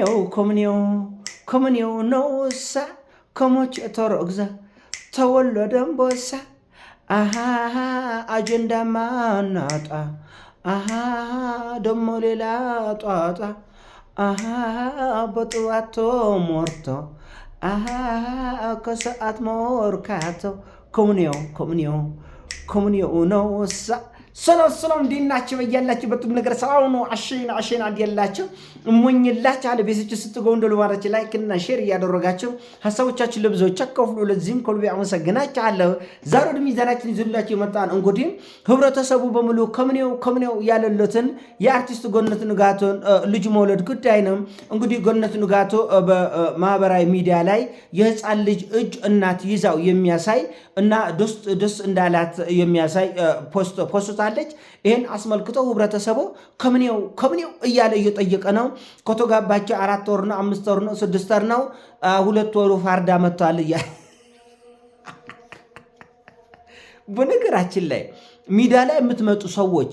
Eu, komunio, komunio nouሳ ከሞቼ ተሮግዛ ተወሎ ደንቦሳ አሃ አጀንዳ ማናጣ አሃ ደሞ ሌላ ጧጧ አሃ በጥዋቶ ሞርቶ አሃ ከሰዓት ሞርካቶ ኮሙኒዮ ኮሙኒዮ ኮሙኒዮ ነውሳ ሰላም ሰላም፣ እንዴት ናችሁ? በያላችሁበት ነገር ሰላም ነው። አሸን አሸን አንድ ያላችሁ እሞኝላችሁ አለ ቤተሰቦች ስትገቡ እንደ ልባራችሁ ላይክ እና ሼር እያደረጋችሁ ሀሳቦቻችሁ ለብዙዎች አካፍሉ። ለዚህም ከልቤ አመሰግናችኋለሁ። ዛሬ ወደ ሚዛናችን ይዞላችሁ የመጣን እንግዲህ ህብረተሰቡ በሙሉ ከምኔው ከምኔው ያለለትን የአርቲስት ጎነት ንጋቱን ልጅ መውለድ ጉዳይ ነው። እንግዲህ ጎነት ንጋቱ በማህበራዊ ሚዲያ ላይ የህፃን ልጅ እጅ እናት ይዛው የሚያሳይ እና ደስ ደስ እንዳላት የሚያሳይ ፖስት ፖስት አንስታለች። ይህን አስመልክቶ ህብረተሰቡ ከምኔው ከምኔው እያለ እየጠየቀ ነው። ከተጋባቸው አራት ወር ነው፣ አምስት ወር ነው፣ ስድስት ወር ነው፣ ሁለት ወሩ ፋርዳ መጥቷል እያለ በነገራችን ላይ ሚዲያ ላይ የምትመጡ ሰዎች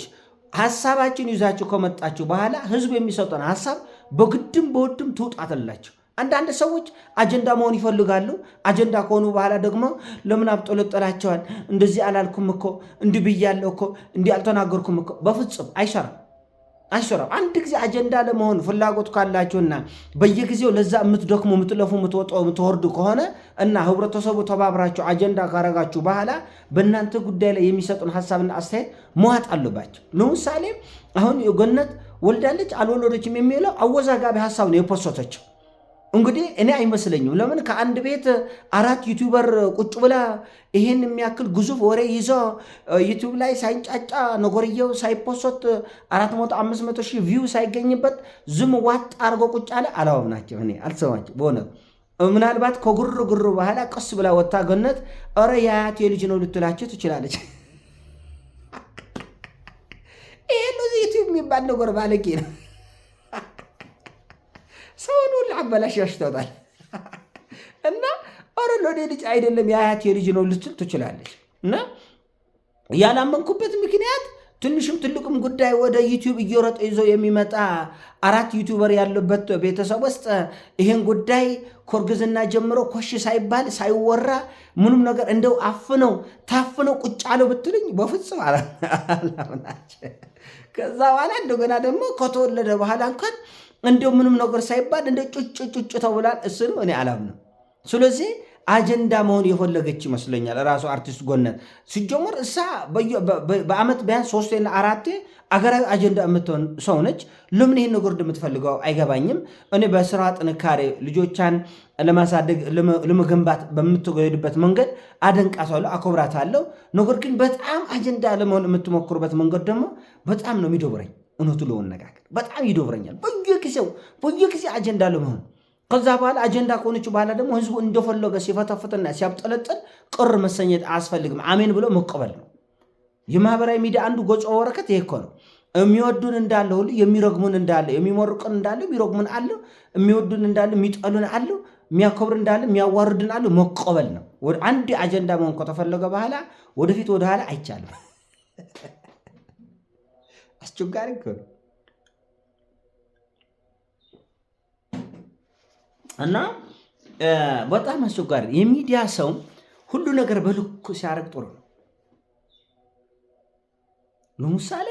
ሀሳባችን ይዛችሁ ከመጣችሁ በኋላ ህዝብ የሚሰጠን ሀሳብ በግድም በውድም ትውጣትላችሁ። አንዳንድ ሰዎች አጀንዳ መሆን ይፈልጋሉ። አጀንዳ ከሆኑ በኋላ ደግሞ ለምን አብጠለጠላቸዋል? እንደዚህ አላልኩም እኮ እንዲህ ብያለሁ እኮ እንዲህ አልተናገርኩም እኮ። በፍጹም አይሰራም አይሰራም። አንድ ጊዜ አጀንዳ ለመሆን ፍላጎት ካላችሁና በየጊዜው ለዛ የምትደክሙ የምትለፉ፣ የምትወጡ፣ የምትወርዱ ከሆነ እና ህብረተሰቡ ተባብራችሁ አጀንዳ ካረጋችሁ በኋላ በእናንተ ጉዳይ ላይ የሚሰጡን ሀሳብና አስተያየት መዋጥ አለባቸው። ለምሳሌ አሁን ገነት ወልዳለች አልወለደችም የሚለው አወዛጋቢ ሀሳብ ነው የፖሰተችው እንግዲህ እኔ አይመስለኝም። ለምን ከአንድ ቤት አራት ዩቱበር ቁጭ ብላ ይህን የሚያክል ግዙፍ ወሬ ይዞ ዩቱብ ላይ ሳይንጫጫ ነጎርየው ሳይፖሶት አራት መቶ አምስት መቶ ሺህ ቪው ሳይገኝበት ዝም ዋጥ አድርጎ ቁጭ አለ አላወም ናቸው እኔ አልሰማቸው በሆነ ምናልባት ከጉርጉር በኋላ ቀስ ብላ ወታ ገነት ኧረ የአያቴ ልጅ ነው ልትላቸው ትችላለች። ይሄ ዩቱብ የሚባል ነገር ባለጌ ነው። ሰውን ሁሉ አበላሽ ያሽተውታል። እና ኧረ ለእኔ ልጅ አይደለም የአያቴ የልጅ ነው ልትል ትችላለች። እና ያላመንኩበት ምክንያት ትንሽም ትልቁም ጉዳይ ወደ ዩቲዩብ እየሮጠ ይዞ የሚመጣ አራት ዩቲዩበር ያለበት ቤተሰብ ውስጥ ይህን ጉዳይ ኮርግዝና ጀምሮ ኮሽ ሳይባል ሳይወራ ምንም ነገር እንደው አፍነው ታፍነው ቁጭ አለው ብትልኝ በፍጹም አላምናቸው። ከዛ በኋላ እንደገና ደግሞ ከተወለደ በኋላ እንኳን እንደው ምንም ነገር ሳይባል እንደ ጩጭ ጩጭ ተብላል። እኔ አላምንም። ስለዚህ አጀንዳ መሆን የፈለገች ይመስለኛል ራሱ አርቲስት ጎነት ሲጀምር እሳ በአመት ቢያንስ ሶስቴና አራቴ አገራዊ አጀንዳ የምትሆን ሰው ነች። ለምን ይህን ነገር እንደምትፈልገው አይገባኝም። እኔ በስራ ጥንካሬ ልጆቿን ለማሳደግ ለመገንባት በምትሄድበት መንገድ አደንቃታለሁ፣ አከብራታለሁ። ነገር ግን በጣም አጀንዳ ለመሆን የምትሞክሩበት መንገድ ደግሞ በጣም ነው የሚደብረኝ። እውነቱ ለመነጋገር በጣም ይደብረኛል። በየጊዜው በየጊዜ አጀንዳ ለመሆን ከዛ በኋላ አጀንዳ ከሆነች በኋላ ደግሞ ህዝቡ እንደፈለገ ሲፈተፍትና ሲያብጠለጥል ቅር መሰኘት አያስፈልግም። አሜን ብሎ መቀበል ነው። የማህበራዊ ሚዲያ አንዱ ጎጮ ወረከት ይሄ እኮ ነው። የሚወዱን እንዳለ ሁሉ የሚረግሙን እንዳለ፣ የሚሞርቁን እንዳለ የሚረግሙን አለ፣ የሚወዱን እንዳለ የሚጠሉን አለ፣ የሚያከብር እንዳለ የሚያዋርድን አለ። መቀበል ነው። ወደ አንድ አጀንዳ መሆን ከተፈለገ በኋላ ወደፊት ወደኋላ አይቻልም። አስቸጋሪ እና በጣም አስቸጋሪ የሚዲያ ሰው ሁሉ ነገር በልኩ ሲያደርግ ጥሩ ነው። ለምሳሌ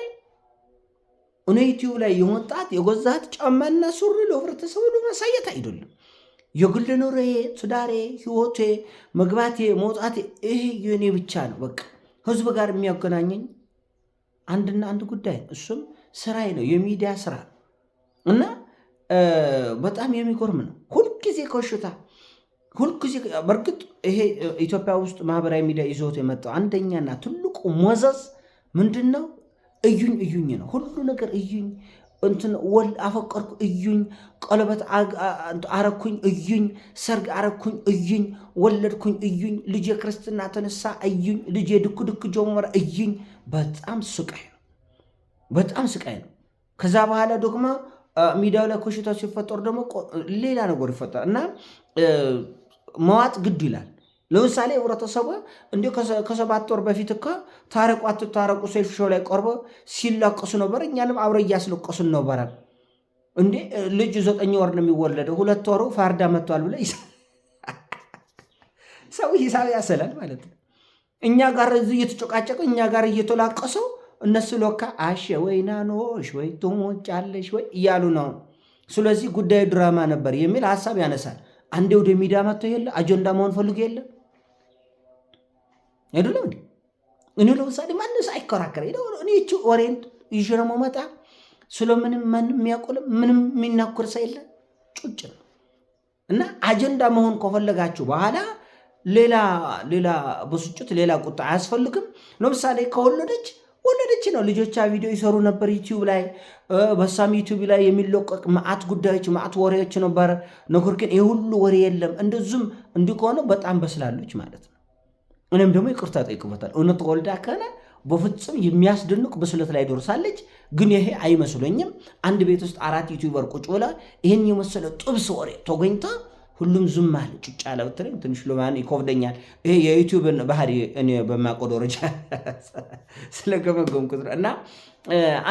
እኔ ዩቲዩብ ላይ የወጣት የጎዛት ጫማና ሱሪ ለህብረተሰቡ ለማሳየት አይደለም። የግል ኑሮዬ፣ ትዳሬ፣ ህይወቴ፣ መግባቴ፣ መውጣቴ ይህ የኔ ብቻ ነው። በቃ ህዝብ ጋር የሚያገናኘኝ አንድና አንድ ጉዳይ እሱም ስራዬ ነው፣ የሚዲያ ስራ እና በጣም የሚጎርም ነው። ሁልጊዜ ኮሽታ ሁልጊዜ በእርግጥ ይሄ ኢትዮጵያ ውስጥ ማህበራዊ ሚዲያ ይዞት የመጣው አንደኛና ትልቁ ሞዘዝ ምንድን ነው? እዩኝ እዩኝ ነው። ሁሉ ነገር እዩኝ፣ እንትን ወል አፈቀርኩ እዩኝ፣ ቀለበት አረኩኝ እዩኝ፣ ሰርግ አረኩኝ እዩኝ፣ ወለድኩኝ እዩኝ፣ ልጅ ክርስትና ተነሳ እዩኝ፣ ልጅ ድኩ ድኩ ጀመረ እዩኝ። በጣም ስቃይ ነው። በጣም ስቃይ ነው። ከዛ በኋላ ደግሞ ሚዲያው ላይ ኮሽታ ሲፈጠሩ ደግሞ ሌላ ነገር ይፈጠራል እና መዋጥ ግድ ይላል። ለምሳሌ ህብረተሰቡ እንዲ ከሰባት ወር በፊት እኮ ታረቁ አትታረቁ ሴልፍ ሾው ላይ ቀርቦ ሲላቀሱ ነበር። እኛንም አብረ እያስለቀሱን ነበረ። እንዴ ልጅ ዘጠኝ ወር ነው የሚወለደው፣ ሁለት ወሩ ፋርዳ መጥቷል ብለ ሰው ሂሳብ ያሰላል ማለት ነው። እኛ ጋር እየተጨቃጨቀ እኛ ጋር እየተላቀሰው እነሱ ሎካ አሸ ወይ ናኖሽ ወይ ትሞጫለሽ ወይ እያሉ ነው። ስለዚህ ጉዳዩ ድራማ ነበር የሚል ሀሳብ ያነሳል። አንዴ ወደ ሚዲያ መጥቶ የለ አጀንዳ መሆን ፈልጎ የለ አይደለም እንዴ? እኔ ለምሳሌ ማንስ አይከራከረ እኔ ይቺ ወሬን ይዤ ነው የምመጣ። ስለምንም ማንም የሚያቆልም ምንም የሚናኩር ሰው የለ ጩጭ ነው። እና አጀንዳ መሆን ከፈለጋችሁ በኋላ ሌላ ሌላ ብስጭት ሌላ ቁጣ አያስፈልግም። ለምሳሌ ከወለደች ወለደች ነው። ልጆቿ ቪዲዮ ይሰሩ ነበር ዩቲዩብ ላይ። በሳም ዩቲዩብ ላይ የሚለቀቅ መዓት ጉዳዮች መዓት ወሬዎች ነበር። ነገር ግን ይህ ሁሉ ወሬ የለም። እንደዙም እንዲህ ከሆነ በጣም በስላለች ማለት ነው። እኔም ደግሞ ይቅርታ ጠይቅበታል። እውነት ወልዳ ከሆነ በፍጹም የሚያስደንቅ ብስለት ላይ ደርሳለች። ግን ይሄ አይመስለኝም። አንድ ቤት ውስጥ አራት ዩቲዩበር ቁጭ ብላ ይህን የመሰለ ጥብስ ወሬ ተገኝታ ሁሉም ዙም አለ ጩጭ አለ ብትለኝ ትንሽ ሎማን ይኮብደኛል። ይሄ የዩቲዩብን ባህሪ እኔ በማቆ ደረጃ ስለገመገምኩት ነው። እና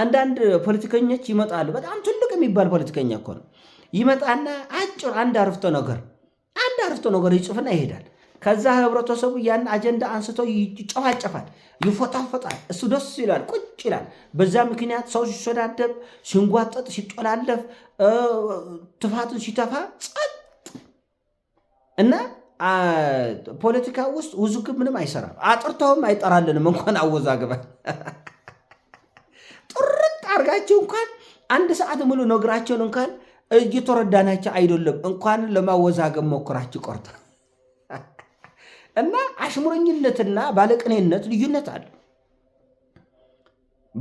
አንዳንድ ፖለቲከኞች ይመጣሉ። በጣም ትልቅ የሚባል ፖለቲከኛ እኮ ነው። ይመጣና አጭር አንድ አርፍቶ ነገር አንድ አርፍቶ ነገር ይጽፍና ይሄዳል። ከዛ ህብረተሰቡ ያን አጀንዳ አንስቶ ይጨፋጨፋል፣ ይፎጣፎጣል። እሱ ደስ ይላል፣ ቁጭ ይላል። በዛ ምክንያት ሰው ሲሰዳደብ፣ ሲንጓጠጥ፣ ሲጦላለፍ፣ ትፋትን ሲተፋ ጸጥ እና ፖለቲካ ውስጥ ውዝግብ ምንም አይሰራም። አጥርተውም አይጠራልንም። እንኳን አወዛግበን ጥርጥ አርጋቸው እንኳን አንድ ሰዓት ሙሉ ነግራቸውን እንኳን እየተረዳናቸው አይደለም። እንኳን ለማወዛገብ ሞክራችሁ ቆርተ እና አሽሙረኝነትና ባለቅኔነት ልዩነት አለ።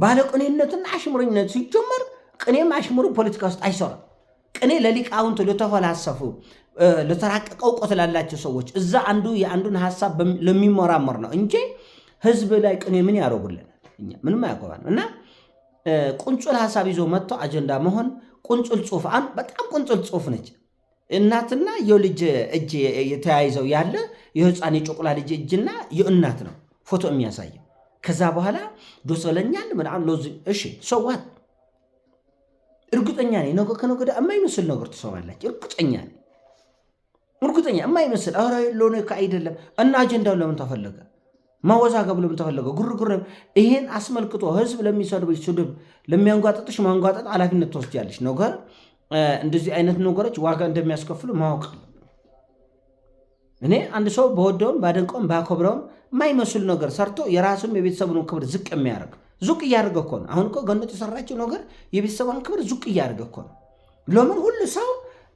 ባለቅኔነትና አሽሙረኝነት ሲጀመር ቅኔም አሽሙሩ ፖለቲካ ውስጥ አይሰራም። ቅኔ ለሊቃውንት ለተፈላሰፉ ለተራቀቀ እውቀት ላላቸው ሰዎች እዛ አንዱ የአንዱን ሀሳብ ለሚመራመር ነው እንጂ ህዝብ ላይ ቅኔ ምን ያደርጉልናል? እኛ ምንም አያቆባል እና ቁንጩል ሀሳብ ይዞ መጥቶ አጀንዳ መሆን ቁንጩል ጽሁፍ አን በጣም ቁንጩል ጽሁፍ ነች። እናትና የልጅ እጅ የተያይዘው ያለ የህፃን የጮቁላ ልጅ እጅና የእናት ነው ፎቶ የሚያሳየው። ከዛ በኋላ ዶሰለኛል ምናምን ሎዝ እሺ ሰዋት እርግጠኛ ነኝ ነገ ከነገ ወዲያ የማይመስል ነገር ትሰማላችሁ። እርግጠኛ ነኝ እርግጠኛ የማይመስል ኧረ ለሆነ ነው አይደለም። እና አጀንዳው ለምን ተፈለገ? ማወዛገብ ለምን ተፈለገ? ግርግር ይሄን አስመልክቶ ህዝብ ለሚሰድብሽ ስድብ፣ ለሚያንጓጠጥሽ ማንጓጠጥ ኃላፊነት ትወስጃለሽ። ነገ እንደዚህ አይነት ነገሮች ዋጋ እንደሚያስከፍሉ ማወቅ እኔ አንድ ሰው በወደውም ባደንቀውም ባከብረውም የማይመስል ነገር ሰርቶ የራሱም የቤተሰቡን ክብር ዝቅ የሚያደርግ ዙቅ እያደረገ እኮ ነው። አሁን እኮ ገነት የሰራችው ነገር የቤተሰቧን ክብር ዙቅ እያደረገ እኮ ነው። ለምን ሁሉ ሰው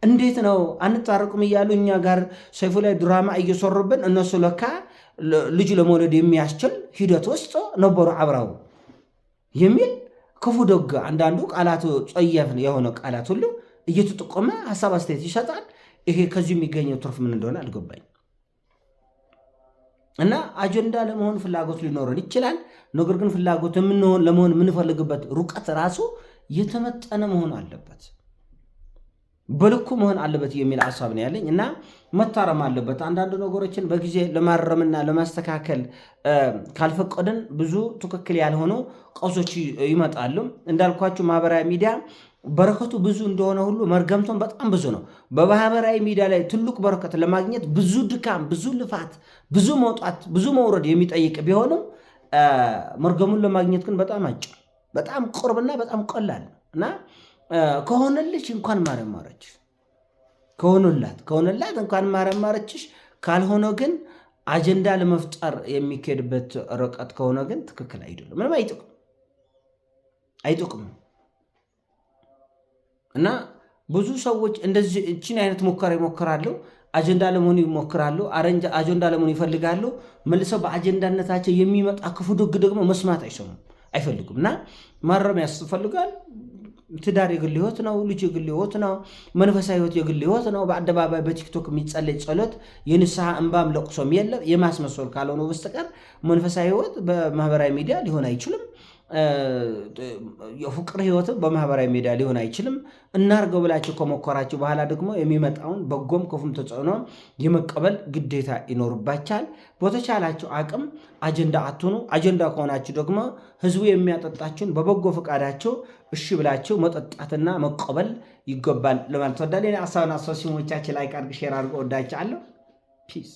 እንዴት ነው አንታረቁም እያሉ እኛ ጋር ሰይፉ ላይ ድራማ እየሰሩብን እነሱ ለካ ልጅ ለመውለድ የሚያስችል ሂደት ውስጥ ነበሩ አብረው የሚል ክፉ ደግ አንዳንዱ ቃላቱ ጸያፍ የሆነ ቃላት ሁሉ እየተጠቆመ ሀሳብ አስተያየት ይሰጣል። ይሄ ከዚሁ የሚገኘው ትርፍ ምን እንደሆነ አልገባኝ። እና አጀንዳ ለመሆን ፍላጎት ሊኖረን ይችላል። ነገር ግን ፍላጎት ለመሆን የምንፈልግበት ሩቀት ራሱ የተመጠነ መሆን አለበት፣ በልኩ መሆን አለበት የሚል ሀሳብ ነው ያለኝ እና መታረም አለበት። አንዳንድ ነገሮችን በጊዜ ለማረምና ለማስተካከል ካልፈቀድን ብዙ ትክክል ያልሆኑ ቀውሶች ይመጣሉ። እንዳልኳችሁ ማህበራዊ ሚዲያ በረከቱ ብዙ እንደሆነ ሁሉ መርገምቶም በጣም ብዙ ነው። በማህበራዊ ሚዲያ ላይ ትልቅ በረከት ለማግኘት ብዙ ድካም፣ ብዙ ልፋት፣ ብዙ መውጣት፣ ብዙ መውረድ የሚጠይቅ ቢሆንም መርገሙን ለማግኘት ግን በጣም አጭር፣ በጣም ቁርብና በጣም ቀላል እና ከሆነልሽ እንኳን ማርያም ማረችሽ፣ ከሆኑላት ከሆነላት እንኳን ማርያም ማረችሽ። ካልሆነ ግን አጀንዳ ለመፍጠር የሚካሄድበት ርቀት ከሆነ ግን ትክክል አይደለም። ምንም አይጠቅም አይጠቅምም። እና ብዙ ሰዎች እንደዚህ እችን አይነት ሙከራ ይሞክራሉ። አጀንዳ ለመሆኑ ይሞክራሉ። አጀንዳ ለመሆኑ ይፈልጋሉ። መልሰው በአጀንዳነታቸው የሚመጣ ክፉ ድግ ደግሞ መስማት አይሰሙም፣ አይፈልጉም። እና ማረም ያስፈልጋል። ትዳር የግል ህይወት ነው። ልጅ የግል ህይወት ነው። መንፈሳዊ ህይወት የግል ህይወት ነው። በአደባባይ በቲክቶክ የሚጸለይ ጸሎት የንስሐ እንባም ለቁሶም የለም የማስመሰል ካልሆነ በስተቀር መንፈሳዊ ህይወት በማህበራዊ ሚዲያ ሊሆን አይችልም። የፍቅር ህይወትም በማህበራዊ ሜዳ ሊሆን አይችልም። እናርገው ብላችሁ ከሞከራችሁ በኋላ ደግሞ የሚመጣውን በጎም ክፉም ተጽዕኖ የመቀበል ግዴታ ይኖርባችኋል። በተቻላችሁ አቅም አጀንዳ አትሁኑ። አጀንዳ ከሆናችሁ ደግሞ ህዝቡ የሚያጠጣችሁን በበጎ ፈቃዳቸው እሺ ብላችሁ መጠጣትና መቀበል ይገባል ለማለት ወዳለ ሀሳብን አሶሲሞቻችን ላይ ቃርግ ሼር አድርገ ወዳችኋለሁ። ፒስ